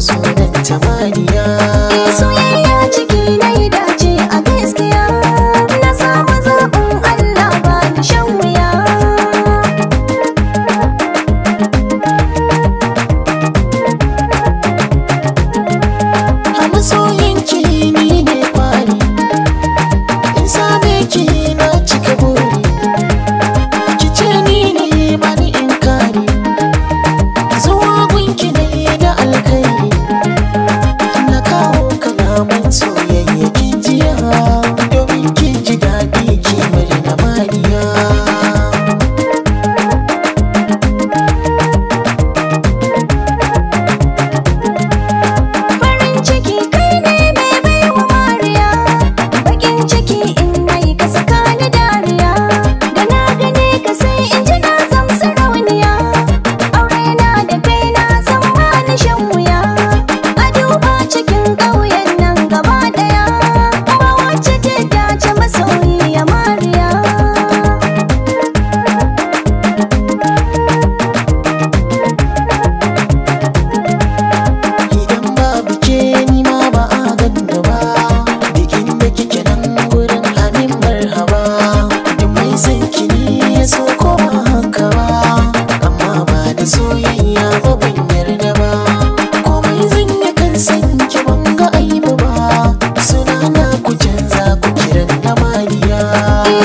so da tamaniya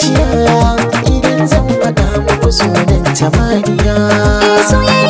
zuciya idan zan faɗa muku sunan tamaniya.